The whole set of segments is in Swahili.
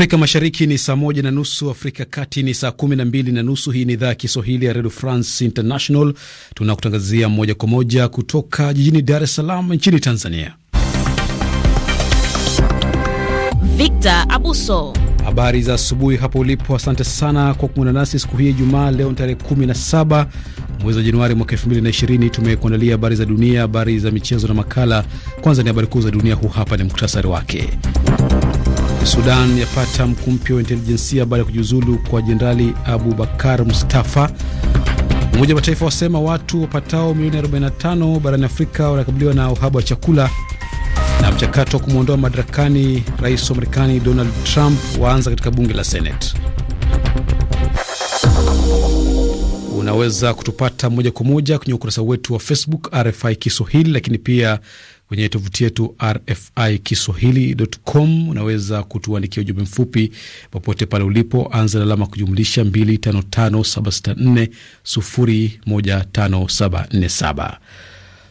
Afrika Mashariki ni saa moja na nusu, Afrika Kati ni saa kumi na mbili na nusu. Hii ni idhaa ya Kiswahili ya Redio France International, tunakutangazia moja kwa moja kutoka jijini Dar es Salaam nchini Tanzania. Victor Abuso, habari za asubuhi hapo ulipo. Asante sana kwa kuungana nasi siku hii Ijumaa. Leo ni tarehe 17 mwezi wa Januari mwaka 2020. Tumekuandalia habari za dunia, habari za michezo na makala. Kwanza ni habari kuu za dunia, huu hapa ni mktasari wake. Sudan yapata mkuu mpya wa intelijensia baada ya kujiuzulu kwa Jenerali Abu Bakar Mustafa. Umoja wa Mataifa wasema watu wapatao milioni 45 barani Afrika wanakabiliwa na uhaba wa chakula. Na mchakato wa kumwondoa madarakani rais wa Marekani Donald Trump waanza katika bunge la Senate. Unaweza kutupata moja kwa moja kwenye ukurasa wetu wa Facebook RFI Kiswahili, lakini pia kwenye tovuti yetu RFI Kiswahili.com. Unaweza kutuandikia ujumbe mfupi popote pale ulipo, anza na alama kujumlisha 255764015747.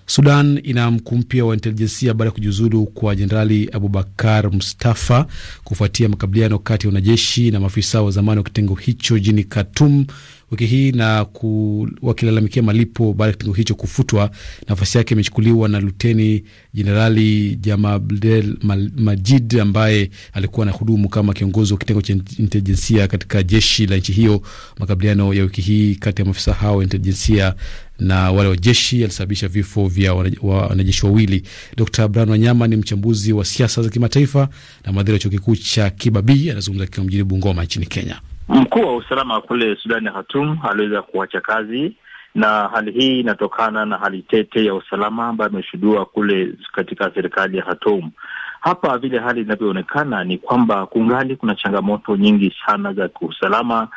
Sudan ina mkuu mpya wa intelijensia baada ya kujiuzulu kwa Jenerali Abubakar Mustafa kufuatia makabiliano kati ya wanajeshi na maafisa wa zamani wa kitengo hicho jini Khartoum wiki hii na ku, wakilalamikia malipo baada ya kitengo hicho kufutwa. Nafasi yake imechukuliwa na Luteni Jenerali Jamabdel Majid ambaye alikuwa na hudumu kama kiongozi wa kitengo cha intelijensia katika jeshi la nchi hiyo. Makabiliano ya wiki hii kati ya maafisa hao wa intelijensia na wale wa jeshi alisababisha vifo vya wanajeshi wawili. Dkt Brian Wanyama ni mchambuzi wa siasa za kimataifa na mhadhiri wa chuo kikuu cha Kibabii, anazungumza akiwa mjini Bungoma nchini Kenya. Mkuu wa usalama kule Sudani hatum aliweza kuacha kazi, na hali hii inatokana na hali tete ya usalama ambayo ameshuhudiwa kule katika serikali ya Hatum. Hapa vile hali inavyoonekana ni kwamba kungali kuna changamoto nyingi sana za kiusalama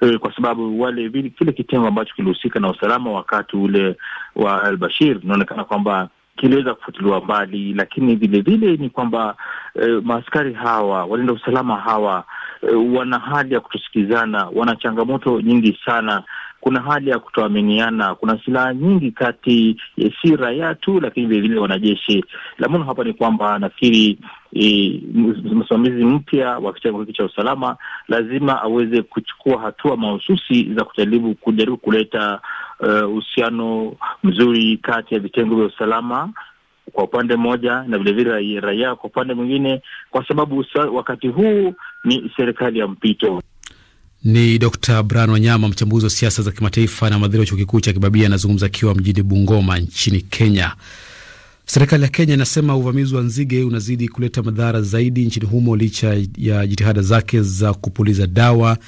e, kwa sababu wale vile, kile kitengo ambacho kilihusika na usalama wakati ule wa al-Bashir inaonekana kwamba kiliweza kufutiliwa mbali, lakini vilevile ni kwamba eh, maaskari hawa walinda usalama hawa Eh, wana hali ya kutosikizana, wana changamoto nyingi sana. Kuna hali ya kutoaminiana, kuna silaha nyingi kati si raia tu, lakini vilevile wanajeshi. La muhimu hapa ni kwamba nafikiri E, msimamizi mpya wa kitengo hiki cha usalama lazima aweze kuchukua hatua mahususi za kujaribu kujaribu kuleta eh, uhusiano mzuri kati ya vitengo vya usalama kwa upande mmoja na vilevile raia kwa upande mwingine, kwa sababu wakati huu ni serikali ya mpito. Ni Dr Bran Wanyama, mchambuzi wa siasa za kimataifa na mhadhiri wa chuo kikuu cha Kibabia, anazungumza akiwa mjini Bungoma nchini Kenya. Serikali ya Kenya inasema uvamizi wa nzige unazidi kuleta madhara zaidi nchini humo licha ya jitihada zake za kupuliza dawa,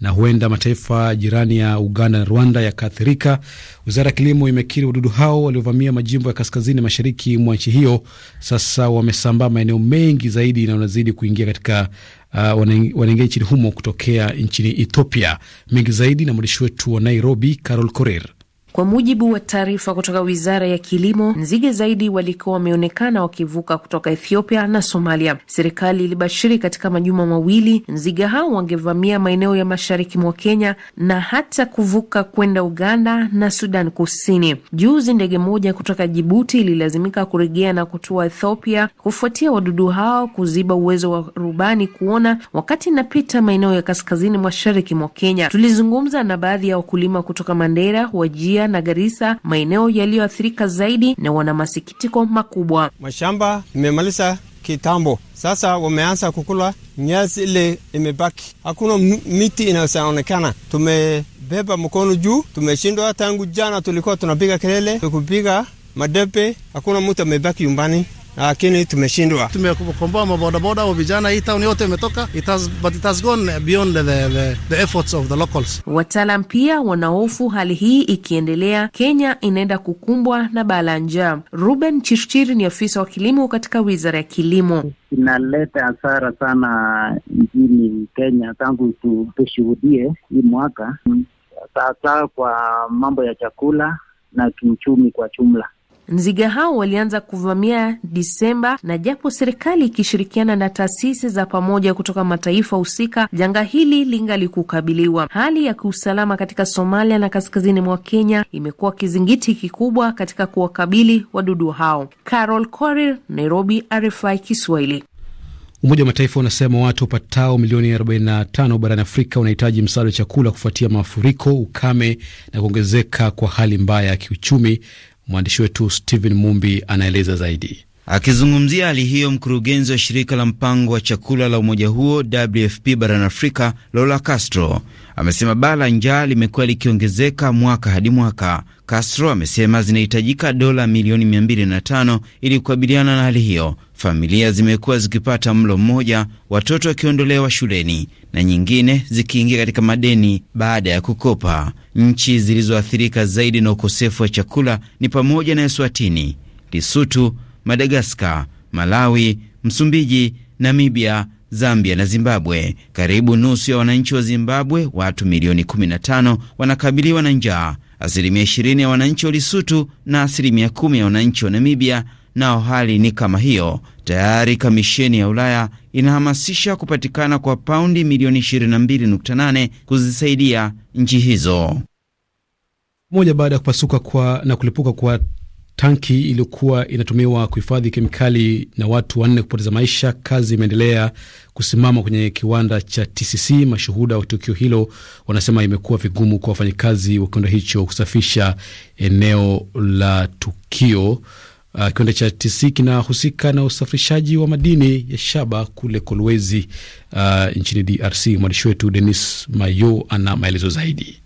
na huenda mataifa jirani ya Uganda na Rwanda yakaathirika. Wizara ya Kilimo imekiri wadudu hao waliovamia majimbo ya kaskazini mashariki mwa nchi hiyo sasa wamesambaa maeneo mengi zaidi na wanazidi kuingia katika uh, wanaingia nchini humo kutokea nchini Ethiopia. Mengi zaidi na mwandishi wetu wa Nairobi, Carol Korir. Kwa mujibu wa taarifa kutoka wizara ya kilimo, nzige zaidi walikuwa wameonekana wakivuka kutoka Ethiopia na Somalia. Serikali ilibashiri katika majuma mawili nzige hao wangevamia maeneo ya mashariki mwa Kenya na hata kuvuka kwenda Uganda na Sudan Kusini. Juzi ndege moja kutoka Jibuti ililazimika kuregea na kutua Ethiopia kufuatia wadudu hao kuziba uwezo wa rubani kuona wakati inapita maeneo ya kaskazini mashariki mwa Kenya. Tulizungumza na baadhi ya wakulima kutoka Mandera, Wajia Busia na Garissa, maeneo yaliyoathirika zaidi na wana masikitiko makubwa. Mashamba imemaliza kitambo, sasa wameanza kukula nyasi ile imebaki, hakuna miti inayoonekana. Tumebeba mkono juu, tumeshindwa. Tangu jana tulikuwa tunapiga kelele, tukupiga madepe, hakuna mtu amebaki nyumbani lakini tumeshindwa. Tumekomboa mabodaboda wa vijana, hii town yote imetoka, it has, but it has gone beyond the, the, the efforts of the locals. Wataalam pia wanahofu hali hii ikiendelea, Kenya inaenda kukumbwa na baa njaa. Ruben Chirchir ni afisa wa kilimo katika wizara ya kilimo. Inaleta hasara sana nchini Kenya tangu tushuhudie hii mwaka, sasa kwa mambo ya chakula na kiuchumi kwa jumla. Nzige hao walianza kuvamia Disemba, na japo serikali ikishirikiana na taasisi za pamoja kutoka mataifa husika, janga hili lingali kukabiliwa. Hali ya kiusalama katika Somalia na kaskazini mwa Kenya imekuwa kizingiti kikubwa katika kuwakabili wadudu hao. Carol Korir, Nairobi, RFI Kiswahili. Umoja wa Mataifa unasema watu wapatao milioni 45 barani Afrika wanahitaji msaada wa chakula kufuatia mafuriko, ukame na kuongezeka kwa hali mbaya ya kiuchumi. Mwandishi wetu Stephen Mumbi anaeleza zaidi. Akizungumzia hali hiyo, mkurugenzi wa shirika la mpango wa chakula la umoja huo WFP barani Afrika, Lola Castro amesema baa la njaa limekuwa likiongezeka mwaka hadi mwaka Castro amesema zinahitajika dola milioni 205 ili kukabiliana na hali hiyo. Familia zimekuwa zikipata mlo mmoja, watoto wakiondolewa shuleni na nyingine zikiingia katika madeni baada ya kukopa. Nchi zilizoathirika zaidi na ukosefu wa chakula ni pamoja na Eswatini, Lesotho, Madagaskar, Malawi, Msumbiji, Namibia, Zambia na Zimbabwe. Karibu nusu ya wananchi wa Zimbabwe, watu milioni 15, wanakabiliwa na njaa asilimia 20 ya wananchi wa Lisutu na asilimia kumi ya wananchi wa Namibia nao hali ni kama hiyo. Tayari kamisheni ya Ulaya inahamasisha kupatikana kwa paundi milioni 22.8 kuzisaidia nchi hizo. Moja baada ya kupasuka kwa na kulipuka kwa Tanki iliyokuwa inatumiwa kuhifadhi kemikali na watu wanne kupoteza maisha, kazi imeendelea kusimama kwenye kiwanda cha TCC. Mashuhuda wa tukio hilo wanasema imekuwa vigumu kwa wafanyakazi wa kiwanda hicho kusafisha eneo la tukio. Uh, kiwanda cha TCC kinahusika na usafirishaji wa madini ya shaba kule Kolwezi, uh, nchini DRC. Mwandishi wetu Denis Mayo ana maelezo zaidi.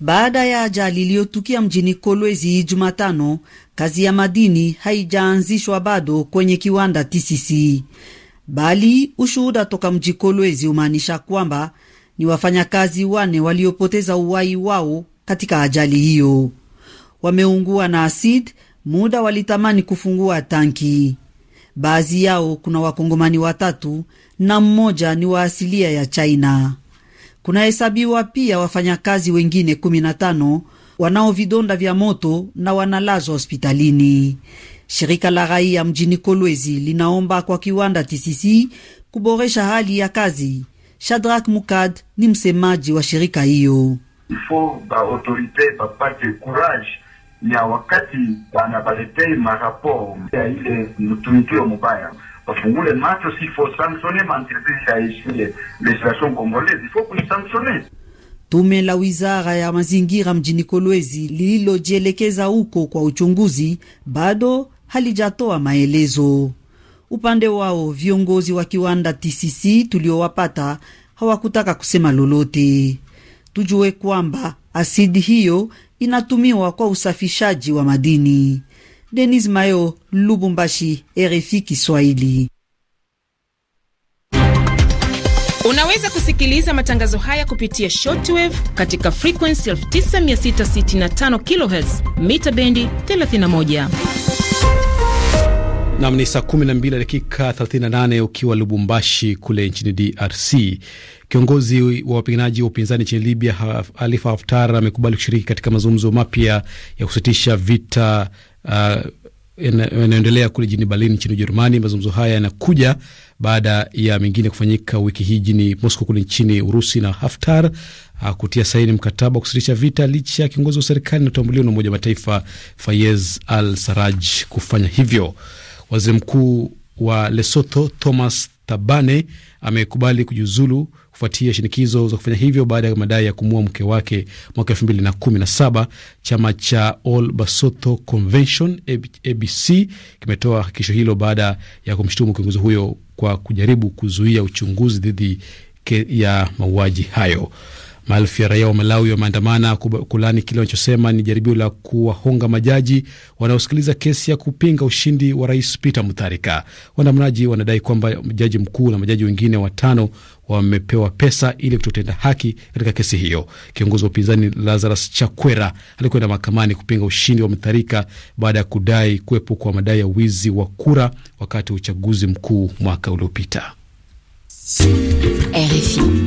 Baada ya ajali iliyotukia mjini Kolwezi Jumatano, kazi ya madini haijaanzishwa bado kwenye kiwanda TCC, bali ushuhuda toka mji Kolwezi umaanisha kwamba ni wafanyakazi wane waliopoteza uwai wao katika ajali hiyo. Wameungua na asid muda walitamani kufungua tanki. Baadhi yao kuna wakongomani watatu na mmoja ni wa asilia ya China. Kunahesabiwa pia wafanyakazi wengine 15 wanao vidonda vya moto na wanalazwa hospitalini. Shirika la raia mjini Kolwezi linaomba kwa kiwanda TCC kuboresha hali ya kazi. shadrak Mukad ni msemaji wa shirika hiyo. Ifo ba autorite bapate courage ya wakati bana marapor ya ile mtumikio mubaya parce Wafungule aussi, il faut sanctionner qui maentreprise haishie legislation congolaise, il faut sanctionne. Tume la wizara ya mazingira mjini Kolwezi lililojielekeza huko kwa uchunguzi bado halijatoa maelezo. Upande wao viongozi wa kiwanda TCC tuliowapata hawakutaka kusema lolote. Tujue kwamba asidi hiyo inatumiwa kwa usafishaji wa madini. Denis Mayo, Lubumbashi, RFI Kiswahili. Unaweza kusikiliza matangazo haya kupitia shortwave katika frequency 9665 kHz mita bendi 31. Nam ni saa 12 dakika 38 ukiwa Lubumbashi kule nchini DRC. Kiongozi wa wapiganaji wa upinzani nchini Libya Alifa Haftar amekubali kushiriki katika mazungumzo mapya ya kusitisha vita yanayoendelea uh, kule jijini Berlin nchini Ujerumani. Mazungumzo haya yanakuja baada ya mengine kufanyika wiki hii jijini Moscow kule nchini Urusi na Haftar uh, kutia saini mkataba wa kusitisha vita licha ya kiongozi wa serikali inayotambuliwa na Umoja wa Mataifa Fayez Al Saraj kufanya hivyo. Waziri mkuu wa Lesotho Thomas Tabane amekubali kujiuzulu kufuatia shinikizo za kufanya hivyo baada ya madai ya kumua mke wake mwaka saba. Chama cha All Basotho Convention ABC kimetoa hakikisho hilo baada ya kumshutumu kiongozi huyo kwa kujaribu kuzuia uchunguzi dhidi ya mauaji hayo. Maelfu ya raia wa Malawi wameandamana kulani kile wanachosema ni jaribio la kuwahonga majaji wanaosikiliza kesi ya kupinga ushindi wa rais Peter Mutharika. Waandamanaji wanadai kwamba jaji mkuu na majaji wengine watano wamepewa pesa ili kutotenda haki katika kesi hiyo. Kiongozi wa upinzani Lazarus Chakwera alikwenda mahakamani kupinga ushindi wa Mutharika baada ya kudai kuwepo kwa madai ya wizi wa kura wakati wa uchaguzi mkuu mwaka uliopita. RFI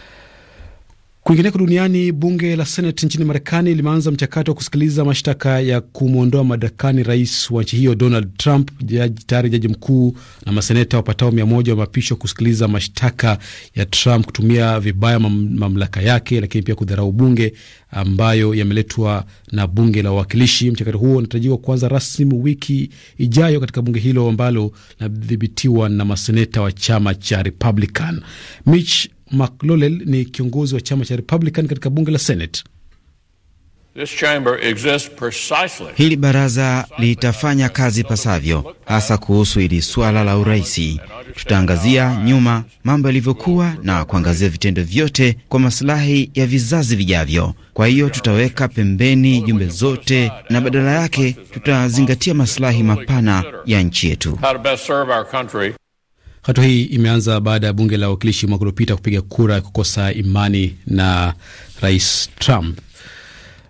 Kwingineko duniani, bunge la Senate nchini Marekani limeanza mchakato wa kusikiliza mashtaka ya kumwondoa madarakani rais wa nchi hiyo Donald Trump. Tayari jaji mkuu na maseneta wapatao mia moja wameapishwa kusikiliza mashtaka ya Trump kutumia vibaya mam, mamlaka yake, lakini pia kudharau bunge ambayo yameletwa na bunge la wawakilishi. Mchakato huo unatarajiwa kuanza rasmi wiki ijayo katika bunge hilo ambalo linadhibitiwa na maseneta wa chama cha Republican. Mitch McLaughlin ni kiongozi wa chama cha Republican katika bunge la Senate. Hili baraza litafanya kazi pasavyo, hasa kuhusu hili suala la uraisi. Tutaangazia nyuma mambo yalivyokuwa na kuangazia vitendo vyote kwa masilahi ya vizazi vijavyo. Kwa hiyo tutaweka pembeni jumbe zote na badala yake tutazingatia masilahi mapana ya nchi yetu. Hatua hii imeanza baada ya bunge la wawakilishi mwaka uliopita kupiga kura ya kukosa imani na rais Trump.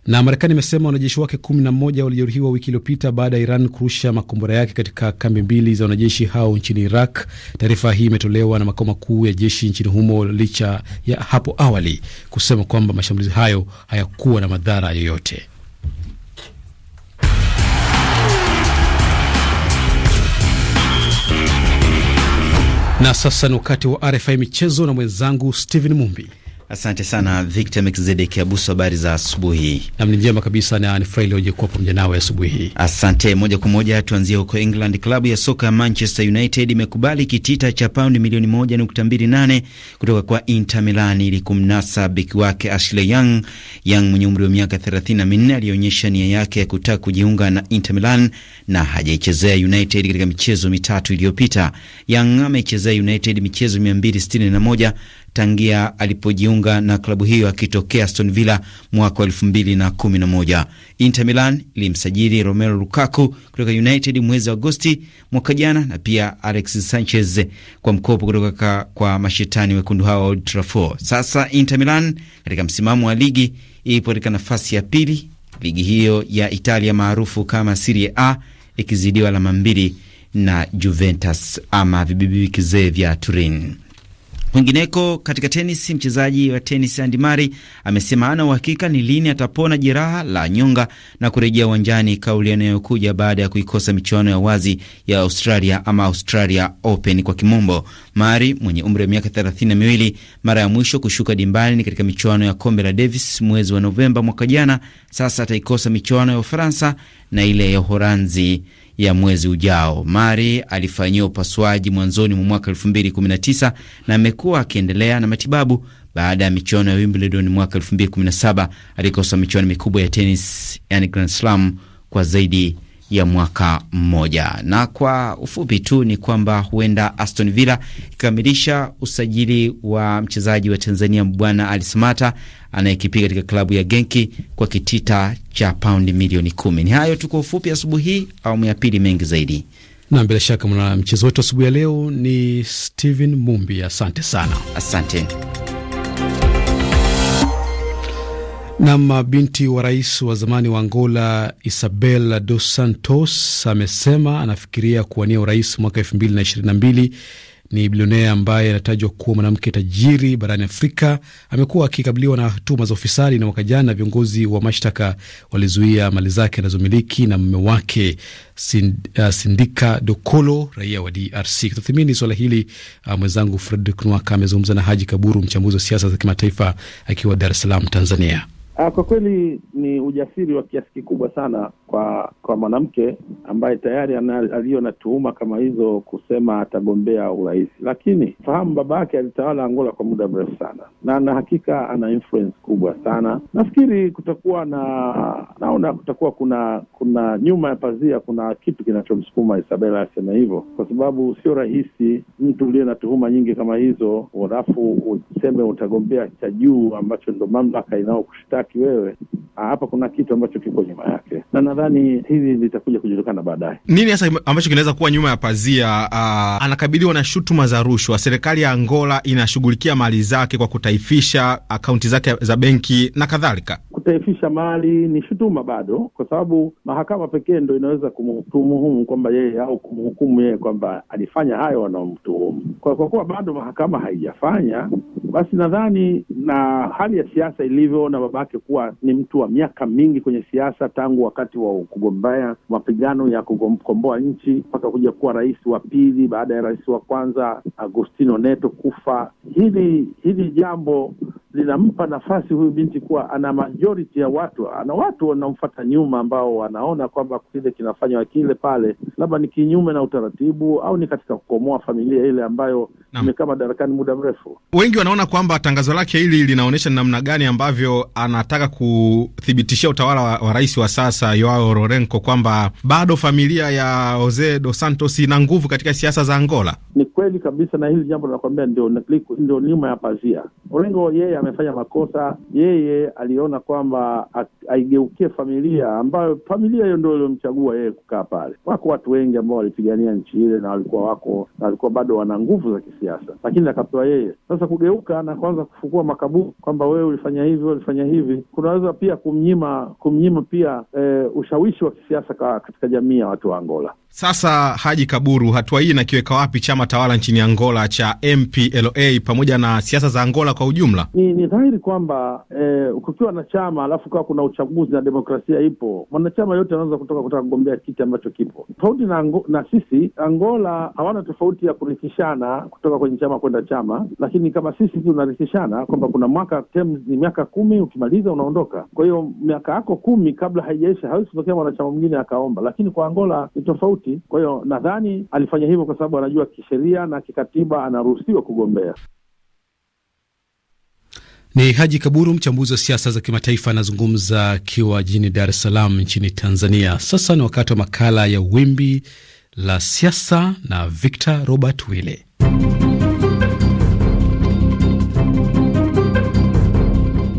Na Marekani imesema wanajeshi wake kumi na moja walijeruhiwa wiki iliyopita baada ya Iran kurusha makombora yake katika kambi mbili za wanajeshi hao nchini Iraq. Taarifa hii imetolewa na makao makuu ya jeshi nchini humo licha ya hapo awali kusema kwamba mashambulizi hayo hayakuwa na madhara yoyote. Na sasa ni wakati wa RFI michezo na mwenzangu Steven Mumbi. Asante sana Victor Mekizedek Abuso, habari za asubuhi. Nam, ni njema kabisa na ni furahi leo kuwa pamoja nawe asubuhi hii. Asante. Moja kwa moja tuanzie huko England. Klabu ya soka ya Manchester United imekubali kitita cha paundi milioni 1.28 kutoka kwa Inter Milan ili kumnasa beki wake Ashley Young. Young mwenye umri wa miaka 34 aliyeonyesha nia yake ya kutaka kujiunga na Inter Milan na hajaichezea United katika michezo mitatu iliyopita. Young amechezea United michezo 261 tangia alipojiunga na klabu hiyo akitokea Aston Villa mwaka wa elfu mbili na kumi na moja. Inter Milan ilimsajili Romelu Lukaku kutoka United mwezi wa Agosti mwaka jana na pia Alexis Sanchez kwa mkopo kutoka kwa mashetani wekundu hawa Old Trafford. Sasa Inter Milan katika msimamo wa ligi ipo katika nafasi ya pili ligi hiyo ya Italia maarufu kama Serie A ikizidiwa alama mbili na Juventus ama vibibikizee vya Turin. Kwingineko katika tenisi, mchezaji wa tenisi Andy Murray amesema hana uhakika ni lini atapona jeraha la nyonga na kurejea uwanjani, kauli anayokuja baada ya kuikosa michuano ya wazi ya Australia ama Australia Open kwa kimombo. Murray mwenye umri wa miaka thelathini na miwili mara ya mwisho kushuka dimbani ni katika michuano ya kombe la Davis mwezi wa Novemba mwaka jana. Sasa ataikosa michuano ya Ufaransa na ile ya Uholanzi ya mwezi ujao. Mari alifanyiwa upasuaji mwanzoni mwa mwaka 2019 na amekuwa akiendelea na matibabu baada ya michuano ya Wimbledon mwaka 2017. Alikosa michuano mikubwa ya tenis, yani Grand Slam, kwa zaidi ya mwaka mmoja. Na kwa ufupi tu ni kwamba huenda Aston Villa ikikamilisha usajili wa mchezaji wa Tanzania Mbwana Ali Samata anayekipiga katika klabu ya Genki kwa kitita cha paundi milioni kumi. Ni hayo tu kwa ufupi asubuhi hii, awamu ya pili, mengi zaidi na bila shaka mwana mchezo wetu asubuhi ya leo ni Steven Mumbi. Asante sana, asante. Nam, binti wa rais wa zamani wa Angola Isabel dos Santos amesema anafikiria kuwania urais mwaka elfu mbili na ishirini na mbili. Ni bilionea ambaye anatajwa kuwa mwanamke tajiri barani Afrika. Amekuwa akikabiliwa na tuhuma za ufisadi, na mwaka jana viongozi wa mashtaka walizuia mali zake anazomiliki na mume wake Sind, uh, Sindika Dokolo, raia wa DRC. Kutathimini swala hili uh, mwenzangu Fred Knwaka amezungumza na Haji Kaburu, mchambuzi wa siasa za kimataifa akiwa Dar es Salaam, Tanzania. Ah, kwa kweli ni ujasiri wa kiasi kikubwa sana kwa kwa mwanamke ambaye tayari aliyo na tuhuma kama hizo kusema atagombea urais, lakini fahamu baba yake alitawala Angola kwa muda mrefu sana, na na hakika ana influence kubwa sana. Nafikiri kutakuwa na, naona kutakuwa kuna kuna nyuma ya pazia, kuna kitu kinachomsukuma Isabela aseme hivyo, kwa sababu sio rahisi mtu uliye na tuhuma nyingi kama hizo halafu useme utagombea cha juu ambacho ndo mamlaka inayokushtaki hutaki wewe, ah, hapa kuna kitu ambacho kiko nyuma yake, na nadhani hili litakuja kujulikana baadaye. Nini hasa ambacho kinaweza kuwa nyuma ya pazia? Uh, anakabiliwa na shutuma za rushwa. Serikali ya Angola inashughulikia mali zake kwa kutaifisha akaunti zake za benki na kadhalika kutaifisha mali ni shutuma bado, kwa sababu mahakama pekee ndo inaweza kumtuhumu kwamba yeye au kumhukumu yeye kwamba alifanya hayo wanaomtuhumu. Kwa kuwa bado mahakama haijafanya, basi nadhani na hali ya siasa ilivyo, na babake kuwa ni mtu wa miaka mingi kwenye siasa, tangu wakati wa kugombea mapigano ya kukomboa nchi mpaka kuja kuwa rais wa pili baada ya rais wa kwanza agostino Neto kufa, hili hili jambo linampa nafasi huyu binti kuwa ana majority ya watu, ana watu wanamfata nyuma, ambao wanaona kwamba kile kinafanywa kile pale labda ni kinyume na utaratibu au ni katika kukomoa familia ile ambayo imekaa madarakani muda mrefu. Wengi wanaona kwamba tangazo lake hili linaonyesha ni namna gani ambavyo anataka kuthibitishia utawala wa, wa rais wa sasa Joao Lourenco kwamba bado familia ya Jose Dos Santos ina nguvu katika siasa za Angola. Ni kweli kabisa, na hili jambo linakwambia ndio, ndio nyuma ya pazia Orengo yeye amefanya makosa, yeye aliona kwamba aigeukie familia ambayo familia hiyo ndio iliyomchagua yeye kukaa pale. Wako watu wengi ambao walipigania nchi ile na walikuwa wako na walikuwa bado wana nguvu za kisiasa, lakini akapewa yeye sasa kugeuka na kuanza kufukua makaburi kwamba wewe ulifanya hivi, ulifanya hivi, kunaweza pia kumnyima kumnyima pia e, ushawishi wa kisiasa katika jamii ya watu wa Angola. Sasa Haji Kaburu, hatua hii inakiweka wapi chama tawala nchini Angola cha MPLA pamoja na siasa za Angola kwa ujumla? Ni, ni dhahiri kwamba eh, kukiwa na chama alafu kawa kuna uchaguzi na demokrasia ipo, mwanachama yote anaweza kutoka kutaka kugombea kiti ambacho kipo tofauti na, na sisi. Angola hawana tofauti ya kurithishana kutoka kwenye chama kwenda chama, lakini kama sisi tunarithishana kwamba kuna mwaka terms ni miaka kumi, ukimaliza unaondoka. Kwa hiyo miaka yako kumi kabla haijaisha hawezi kutokea mwanachama mwingine akaomba, lakini kwa Angola ni tofauti tofauti. Kwa hiyo nadhani alifanya hivyo kwa sababu anajua kisheria na kikatiba anaruhusiwa kugombea. Ni Haji Kaburu, mchambuzi wa siasa za kimataifa, anazungumza akiwa jijini Dar es Salaam nchini Tanzania. Sasa ni wakati wa makala ya Wimbi la Siasa na Victor Robert Wille.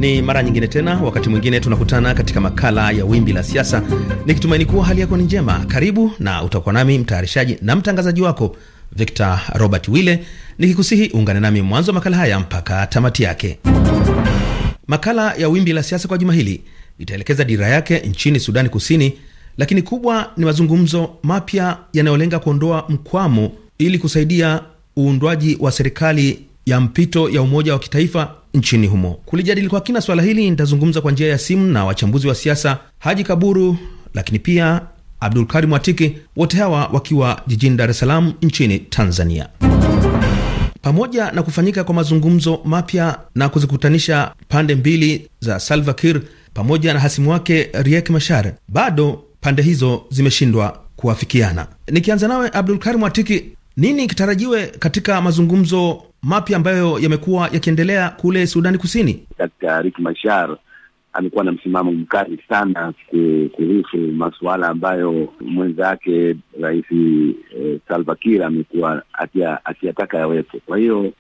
Ni mara nyingine tena, wakati mwingine tunakutana katika makala ya Wimbi la Siasa, nikitumaini kuwa hali yako ni njema. Karibu na utakuwa nami mtayarishaji na mtangazaji wako Victor Robert Wille, nikikusihi uungane nami mwanzo wa makala haya mpaka tamati yake. Makala ya Wimbi la Siasa kwa juma hili itaelekeza dira yake nchini Sudani Kusini, lakini kubwa ni mazungumzo mapya yanayolenga kuondoa mkwamo ili kusaidia uundwaji wa serikali ya mpito ya umoja wa kitaifa nchini humo. Kulijadili kwa kina swala hili, nitazungumza kwa njia ya simu na wachambuzi wa siasa Haji Kaburu, lakini pia Abdulkarim mwatiki wote hawa wakiwa jijini Dar es Salaam nchini Tanzania. Pamoja na kufanyika kwa mazungumzo mapya na kuzikutanisha pande mbili za Salva Kiir pamoja na hasimu wake Riek Machar, bado pande hizo zimeshindwa kuafikiana. Nikianza nawe Karim Atiki, nini kitarajiwe katika mazungumzo mapya ambayo yamekuwa yakiendelea kule Sudani Kusini? Katika Riek Machar amekuwa na msimamo mkali sana kuhusu masuala ambayo mwenzake Rais e, Salva Kiir amekuwa akiyataka yawepo. Kwa hiyo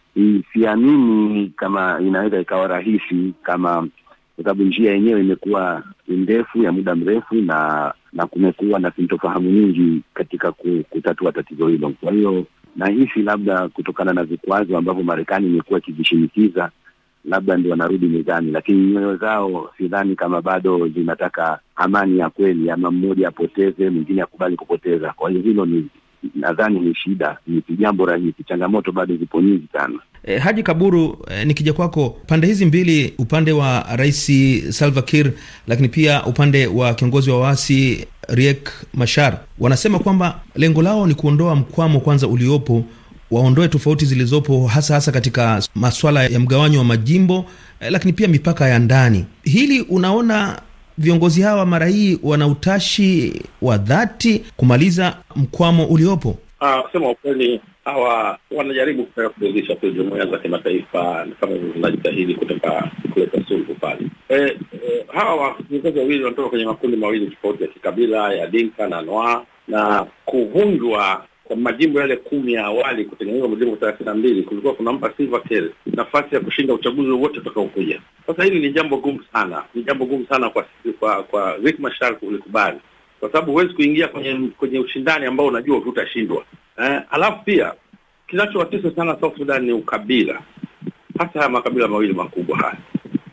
siamini kama inaweza ikawa rahisi kama kwa sababu njia yenyewe imekuwa ndefu ya muda mrefu na na kumekuwa na sintofahamu nyingi katika kutatua tatizo hilo. Kwa hiyo nahisi labda kutokana na vikwazo ambavyo Marekani imekuwa ikivishinikiza, labda ndio wanarudi mezani, lakini nyoyo zao sidhani kama bado zinataka amani ya kweli, ama mmoja apoteze mwingine akubali kupoteza. Kwa hiyo hilo ni nadhani ni shida, ni jambo rahisi. Changamoto bado zipo nyingi sana. E, Haji Kaburu, e, nikija kwako, pande hizi mbili, upande wa Rais Salva Kiir, lakini pia upande wa kiongozi wa waasi Riek Machar, wanasema kwamba lengo lao ni kuondoa mkwamo kwanza uliopo, waondoe tofauti zilizopo, hasa hasa katika maswala ya mgawanyo wa majimbo, e, lakini pia mipaka ya ndani. Hili unaona viongozi hawa mara hii wana utashi wa dhati kumaliza mkwamo uliopo? sema ah, kusema ukweli hawa wanajaribu kutaka kuridhisha tu jumuia za kimataifa kama hivyo zinajitahidi kutaka kuleta suluhu pale. E, e, hawa viongozi wawili wanatoka kwenye makundi mawili tofauti ya kikabila ya Dinka na Noa na kuvunjwa kwa majimbo yale kumi ya awali kutengeneza majimbo thelathini na mbili kulikuwa kunampa Salva nafasi ya kushinda uchaguzi wowote utakaokuja. Sasa hili ni jambo gumu sana, ni jambo gumu sana kwa kwa, kwa Riek Machar kulikubali, kwa sababu huwezi kuingia kwenye kwenye ushindani ambao unajua utashindwa. Eh, alafu pia kinachowatisa sana South Sudan ni ukabila, hasa haya makabila mawili makubwa haya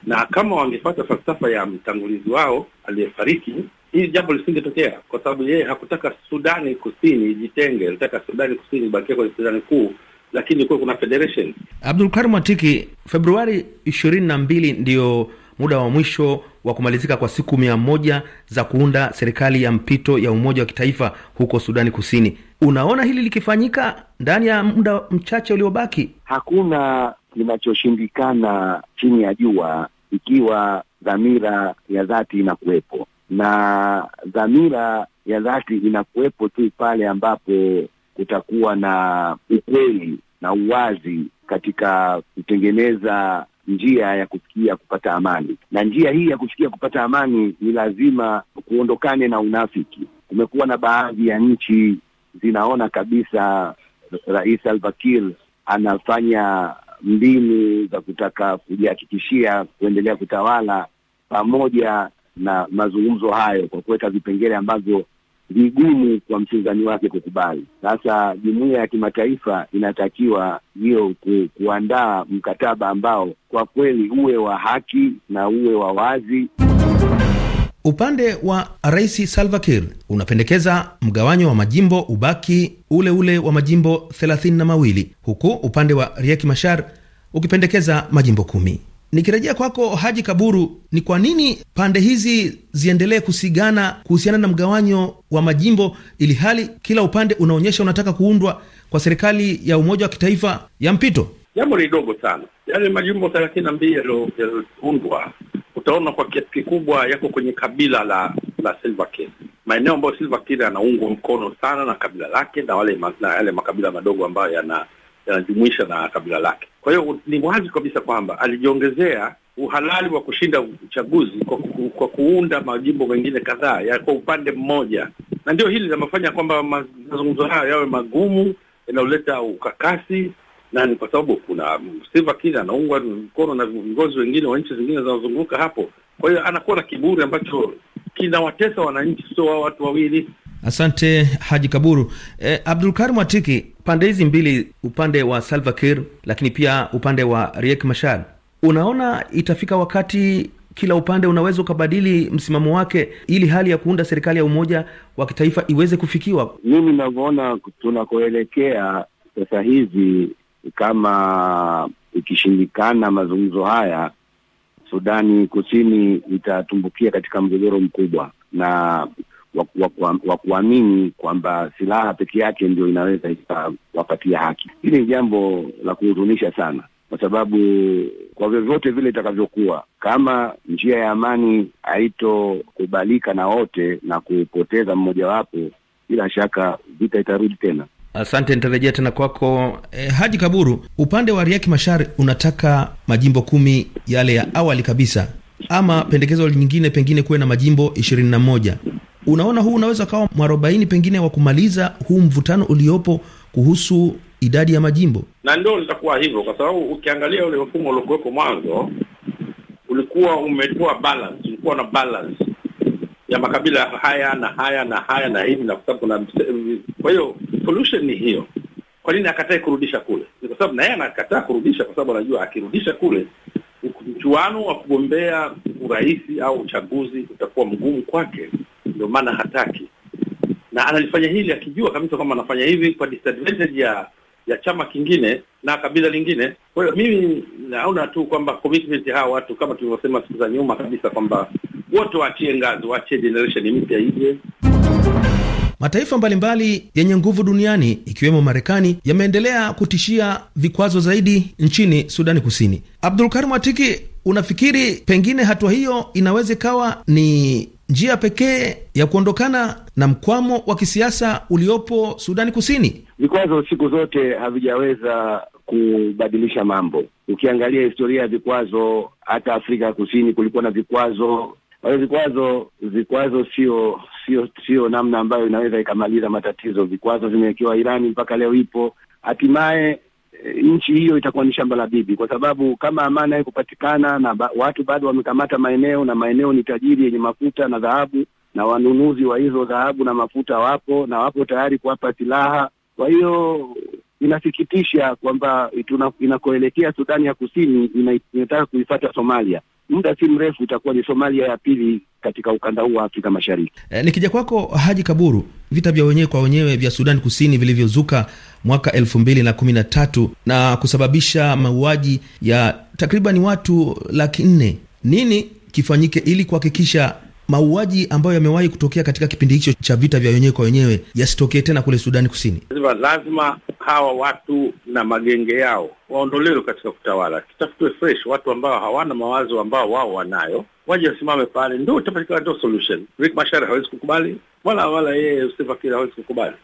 na kama wangefuata falsafa ya mtangulizi wao aliyefariki, hili jambo lisingetokea, kwa sababu yeye hakutaka Sudani Kusini ijitenge, alitaka Sudani Kusini ibakie kwenye Sudani kuu lakini kuwe kuna federation. Abdulkarim Watiki, Februari ishirini na mbili ndiyo muda wa mwisho wa kumalizika kwa siku mia moja za kuunda serikali ya mpito ya umoja wa kitaifa huko Sudani Kusini. Unaona hili likifanyika ndani ya muda mchache uliobaki? Hakuna kinachoshindikana chini ya jua ikiwa dhamira ya dhati inakuwepo, na dhamira ya dhati inakuwepo tu pale ambapo kutakuwa na ukweli na uwazi katika kutengeneza njia ya kufikia kupata amani. Na njia hii ya kufikia kupata amani ni lazima kuondokane na unafiki. Kumekuwa na baadhi ya nchi zinaona kabisa Rais albakir anafanya mbinu za kutaka kujihakikishia kuendelea kutawala pamoja na mazungumzo hayo kwa kuweka vipengele ambavyo vigumu kwa mpinzani wake kukubali. Sasa jumuiya ya kimataifa inatakiwa hiyo ku, kuandaa mkataba ambao kwa kweli uwe wa haki na uwe wa wazi. Upande wa Rais Salva Kiir unapendekeza mgawanyo wa majimbo ubaki ule ule wa majimbo thelathini na mawili huku upande wa Riek Machar ukipendekeza majimbo kumi. Nikirejea kwako Haji Kaburu, ni kwa nini pande hizi ziendelee kusigana kuhusiana na mgawanyo wa majimbo ili hali kila upande unaonyesha unataka kuundwa kwa serikali ya umoja wa kitaifa ya mpito? Jambo ni dogo sana, yale majimbo thelathini na mbili yaliyoundwa utaona kwa kiasi kikubwa yako kwenye kabila la la Silver King, maeneo ambayo Silver King anaungwa mkono sana na kabila lake na wale ma, na yale makabila madogo ambayo yana yanajumuisha na kabila lake. Kwa hiyo ni wazi kabisa kwamba alijiongezea uhalali wa kushinda uchaguzi kwa, ku, kwa kuunda majimbo mengine kadhaa ya kwa upande mmoja, na ndio hili linamfanya kwamba mazungumzo hayo yawe magumu, yanayoleta ukakasi na ni kwa sababu kuna Salva Kiir anaungwa mkono na viongozi wengine wa nchi zingine zinazozunguka hapo. Kwa hiyo anakuwa na kiburi ambacho kinawatesa wananchi, sio wa watu wawili. Asante Haji Kaburu. Eh, Karim Atiki, pande hizi mbili, upande wa Salva Kiir lakini pia upande wa Riek Machar, unaona itafika wakati kila upande unaweza ukabadili msimamo wake ili hali ya kuunda serikali ya umoja wa kitaifa iweze kufikiwa? Mimi ninavyoona tunakoelekea sasa hivi kama ikishindikana mazungumzo haya, Sudani Kusini itatumbukia katika mgogoro mkubwa na wa kuamini kwamba silaha peke yake ndio inaweza ikawapatia haki. Hili ni jambo la kuhuzunisha sana, kwa sababu kwa vyovyote vile itakavyokuwa, kama njia ya amani haitokubalika na wote na kupoteza mmojawapo, bila shaka vita itarudi tena. Asante, nitarejea tena kwako e, Haji Kaburu. Upande wa Riaki Mashari unataka majimbo kumi yale ya awali kabisa, ama pendekezo nyingine pengine kuwe na majimbo ishirini na moja. Unaona, huu unaweza ukawa mwarobaini pengine wa kumaliza huu mvutano uliopo kuhusu idadi ya majimbo, na ndio litakuwa hivyo, kwa sababu ukiangalia ule mfumo uliokuweko mwanzo ulikuwa umetoa balance, ulikuwa na balance ya makabila haya na haya na haya na hivi na kwa sababu, kwa hiyo solution ni hiyo. Kwa nini akatae kurudisha kule? Ni kwa sababu na yeye anakataa kurudisha, kwa sababu anajua akirudisha kule mchuano wa kugombea urahisi au uchaguzi utakuwa mgumu kwake, ndio maana hataki, na analifanya hili akijua kabisa kwamba anafanya hivi kwa disadvantage ya ya chama kingine na kabila lingine. Kwa hiyo mimi naona tu kwamba commitment hawa watu kama tulivyosema siku za nyuma kabisa kwamba wote waachie ngazi, waachie generation mpya ije. Mataifa mbalimbali yenye nguvu duniani ikiwemo Marekani yameendelea kutishia vikwazo zaidi nchini Sudani Kusini. Abdulkarim Atiki, unafikiri pengine hatua hiyo inaweza ikawa ni njia pekee ya kuondokana na mkwamo wa kisiasa uliopo Sudani Kusini? Vikwazo siku zote havijaweza kubadilisha mambo. Ukiangalia historia ya vikwazo, hata Afrika ya Kusini kulikuwa na vikwazo. Kwa hiyo vikwazo vikwazo sio sio sio namna ambayo inaweza ikamaliza matatizo. Vikwazo vimewekewa Irani mpaka leo ipo, hatimaye eh, nchi hiyo itakuwa ni shamba la bibi, kwa sababu kama amani haikupatikana na ba, watu bado wamekamata maeneo, na maeneo ni tajiri yenye mafuta na dhahabu, na wanunuzi wa hizo dhahabu na mafuta wapo na wapo tayari kuwapa silaha. Kwa hiyo inasikitisha kwamba inakoelekea Sudani ya Kusini inataka kuifata Somalia muda si mrefu itakuwa ni Somalia ya pili katika ukanda huu wa Afrika Mashariki. E, nikija kwako Haji Kaburu, vita vya wenyewe kwa wenyewe vya Sudan Kusini vilivyozuka mwaka elfu mbili na kumi na tatu na kusababisha mauaji ya takriban watu laki nne, nini kifanyike ili kuhakikisha mauaji ambayo yamewahi kutokea katika kipindi hicho cha vita vya wenyewe kwa wenyewe yasitokee tena kule Sudani Kusini. Lazima hawa watu na magenge yao waondolewe katika kutawala, kitafutiwe fresh watu ambao hawana mawazo ambao wao wanayo, waje wasimame pale, ndo utapatikana, ndo solution. Riek Machar hawezi kukubali, wala wala yeye Salva Kiir hawezi kukubali.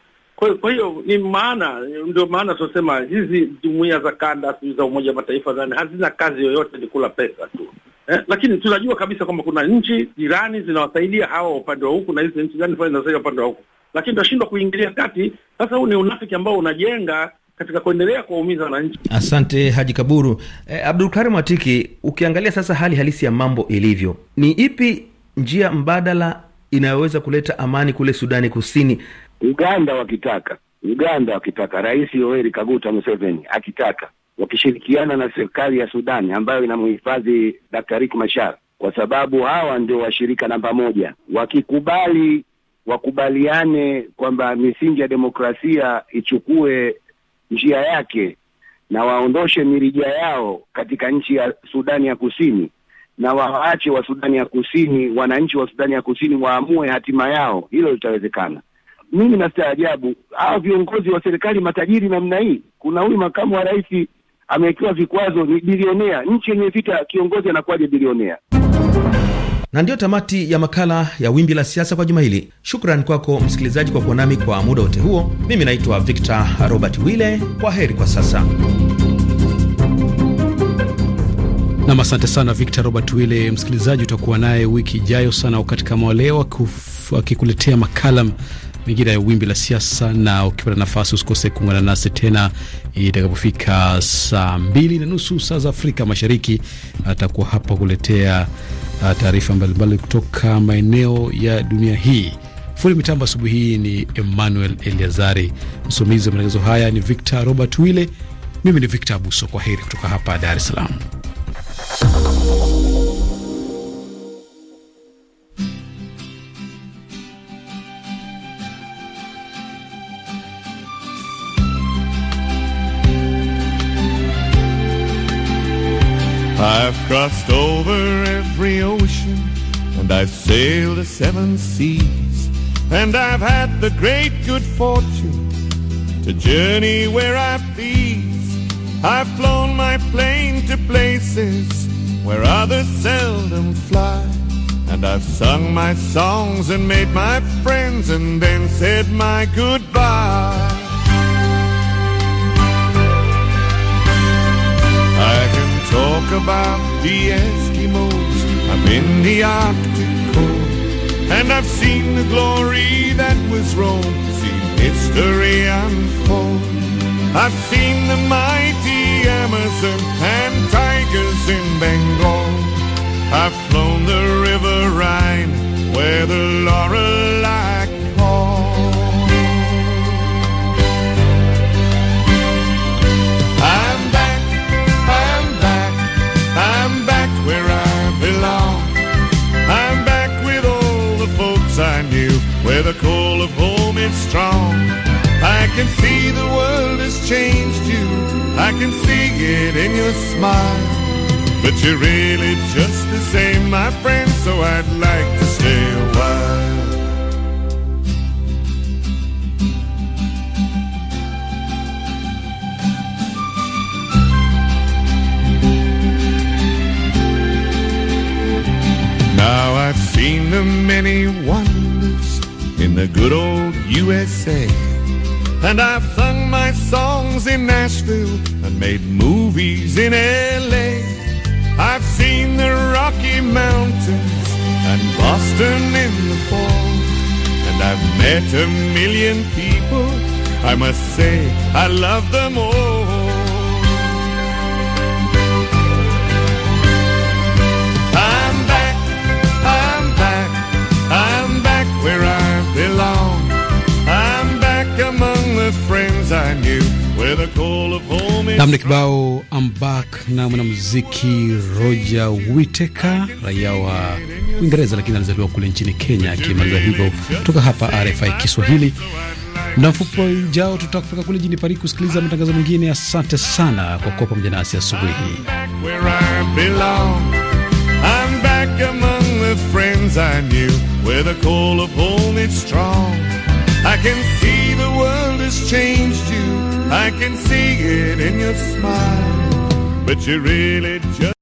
Kwa hiyo ni maana, ndio maana tunasema hizi jumuiya za kanda, sijui za Umoja wa Mataifa, hazina kazi yoyote, ni kula pesa tu eh, lakini tunajua kabisa kwamba kuna nchi jirani zinawasaidia hawa upande wa huku na hizi nchi jirani zinasaidia upande wa huku, lakini tunashindwa kuingilia kati. Sasa huu ni unafiki ambao unajenga katika kuendelea kuwaumiza wananchi. Asante Haji Kaburu. Eh, Karim Atiki, ukiangalia sasa hali halisi ya mambo ilivyo, ni ipi njia mbadala inayoweza kuleta amani kule Sudani Kusini? Uganda wakitaka Uganda wakitaka Rais Yoweri Kaguta Museveni akitaka wakishirikiana na serikali ya Sudani ambayo inamhifadhi Dr. Riek Machar, kwa sababu hawa ndio washirika namba moja. Wakikubali wakubaliane kwamba misingi ya demokrasia ichukue njia yake na waondoshe mirija yao katika nchi ya Sudani ya Kusini na waache wa Sudani ya Kusini, wananchi wa Sudani ya Kusini waamue hatima yao, hilo litawezekana. Mimi nastaajabu hawa viongozi wa serikali matajiri namna hii. Kuna huyu makamu wa rais amewekewa vikwazo, ni bilionea. Nchi yenye vita, kiongozi anakuwaje bilionea? Na ndiyo tamati ya makala ya Wimbi la Siasa kwa juma hili. shukran kwako msikilizaji kwa kuwa nami kwa muda wote huo. Mimi naitwa Victor Robert Wille, kwa heri kwa sasa. Nam, asante sana Victor Robert Wille. Msikilizaji, utakuwa naye wiki ijayo sana wakati kama waleo akikuletea makala mazingira ya wimbi la siasa, na ukipata nafasi usikose kuungana nasi tena itakapofika saa mbili na nusu saa za Afrika Mashariki. Atakuwa hapa kuletea ah, taarifa mbalimbali kutoka maeneo ya dunia hii. Fundi mitambo asubuhi hii ni Emmanuel Eliazari, msimamizi wa matangazo haya ni Victor Robert Wille, mimi ni Victor Abuso. Kwa heri kutoka hapa Dar es Salaam. I've crossed over every ocean and I've sailed the seven seas and I've had the great good fortune to journey where I please. I've flown my plane to places where others seldom fly. And I've sung my songs and made my friends and then said my good. about the Eskimos. I've in the Arctic cold, and I've seen the glory that was Rome, seen history unfold. I've seen the mighty Amazon and tigers in Bengal. I've flown the River Rhine where the laurel lies. But you're really just the same, my friend, so I'd like to stay a while. Now I've seen the many wonders in the good old USA. And I've sung my songs in Nashville movies in LA. I've seen the Rocky Mountains and Boston in the fall. And I've met a million people. I must say, I love them all. namna kibao ambak na mwanamuziki Roger witeka raia wa Uingereza, lakini alizaliwa kule nchini Kenya. Akimaliza hivyo kutoka hapa RFI Kiswahili, na mfupo ujao tutakupeleka kule jini Paris kusikiliza matangazo mengine. Asante sana kwa kuwa pamoja nasi asubuhi hii. I can see the world has changed you. I can see it in your smile. But you really just.